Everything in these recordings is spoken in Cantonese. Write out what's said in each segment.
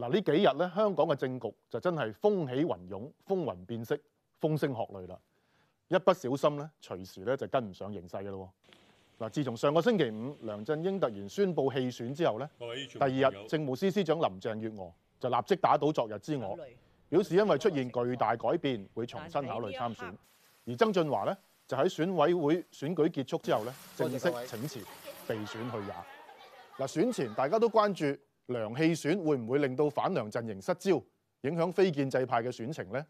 嗱呢幾日咧，香港嘅政局就真係風起雲湧、風雲變色、風聲鶴唳啦！一不小心咧，隨時咧就跟唔上形勢嘅咯。嗱，自從上個星期五梁振英突然宣布棄選之後咧，位第二日政務司司長林鄭月娥就立即打倒昨日之我，表示因為出現巨大改變，會重新考慮參選。而曾俊華咧就喺選委會選舉結束之後咧，謝謝正式請辭，備選去也。嗱謝，選前大家都關注。梁棄選會唔會令到反梁陣營失焦，影響非建制派嘅選情呢？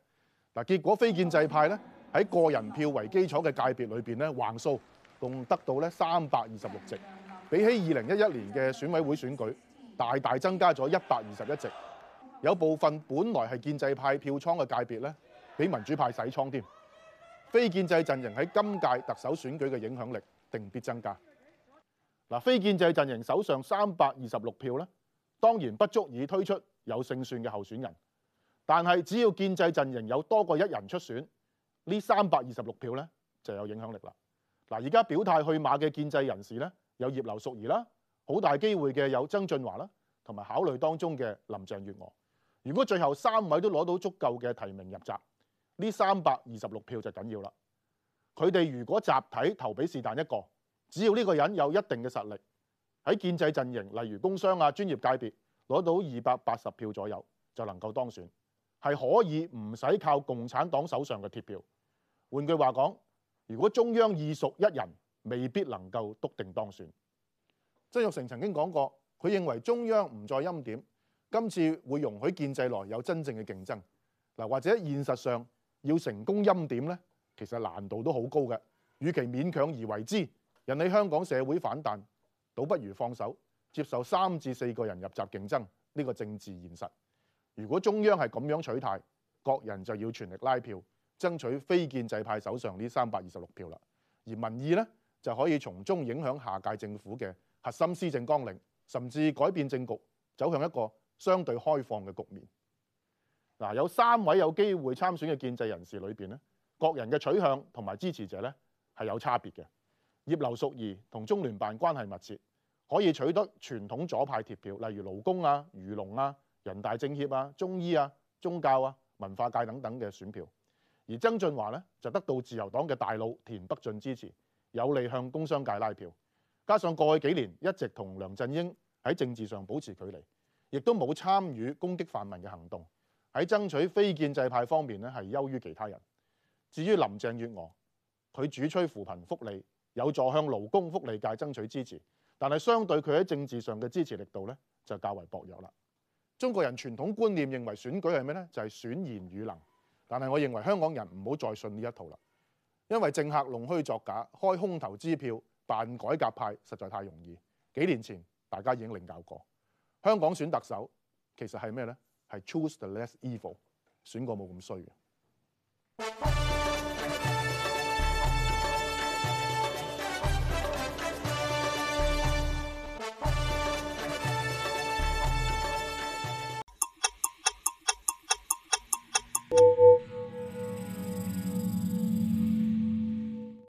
嗱，結果非建制派咧喺個人票為基礎嘅界別裏面咧，橫數共得到咧三百二十六席，比起二零一一年嘅選委會選舉大大增加咗一百二十一席。有部分本來係建制派票倉嘅界別咧，俾民主派洗倉添。非建制陣營喺今屆特首選舉嘅影響力定必增加。嗱，非建制陣營手上三百二十六票咧。當然不足以推出有勝算嘅候選人，但係只要建制陣營有多過一人出選，呢三百二十六票呢就有影響力啦。嗱，而家表態去馬嘅建制人士呢，有葉劉淑儀啦，好大機會嘅有曾俊華啦，同埋考慮當中嘅林鄭月娥。如果最後三位都攞到足夠嘅提名入閘，呢三百二十六票就緊要啦。佢哋如果集體投畀是但一個，只要呢個人有一定嘅實力。喺建制陣營，例如工商啊、專業界別攞到二百八十票左右，就能夠當選，係可以唔使靠共產黨手上嘅鐵票。換句話講，如果中央意屬一人，未必能夠篤定當選。曾玉成曾經講過，佢認為中央唔再欽點，今次會容許建制內有真正嘅競爭。嗱，或者現實上要成功欽點呢，其實難度都好高嘅。與其勉強而為之，引起香港社會反彈。倒不如放手接受三至四個人入閘競爭呢個政治現實。如果中央係咁樣取態，各人就要全力拉票，爭取非建制派手上呢三百二十六票啦。而民意咧就可以從中影響下屆政府嘅核心施政綱領，甚至改變政局，走向一個相對開放嘅局面。嗱、啊，有三位有機會參選嘅建制人士裏邊咧，各人嘅取向同埋支持者咧，係有差別嘅。葉劉淑儀同中聯辦關係密切。可以取得傳統左派貼票，例如勞工啊、漁農啊、人大政協啊、中醫啊、宗教啊、文化界等等嘅選票。而曾俊華呢，就得到自由黨嘅大佬田北俊支持，有利向工商界拉票。加上過去幾年一直同梁振英喺政治上保持距離，亦都冇參與攻擊泛民嘅行動。喺爭取非建制派方面呢，係優於其他人。至於林鄭月娥，佢主催扶貧福利，有助向勞工福利界爭取支持。但係相對佢喺政治上嘅支持力度咧，就較為薄弱啦。中國人傳統觀念認為選舉係咩呢？就係選賢與能。但係我認為香港人唔好再信呢一套啦，因為政客弄虛作假、開空頭支票、扮改革派實在太容易。幾年前大家已經領教過。香港選特首其實係咩呢？係 choose the less evil，選個冇咁衰嘅。啊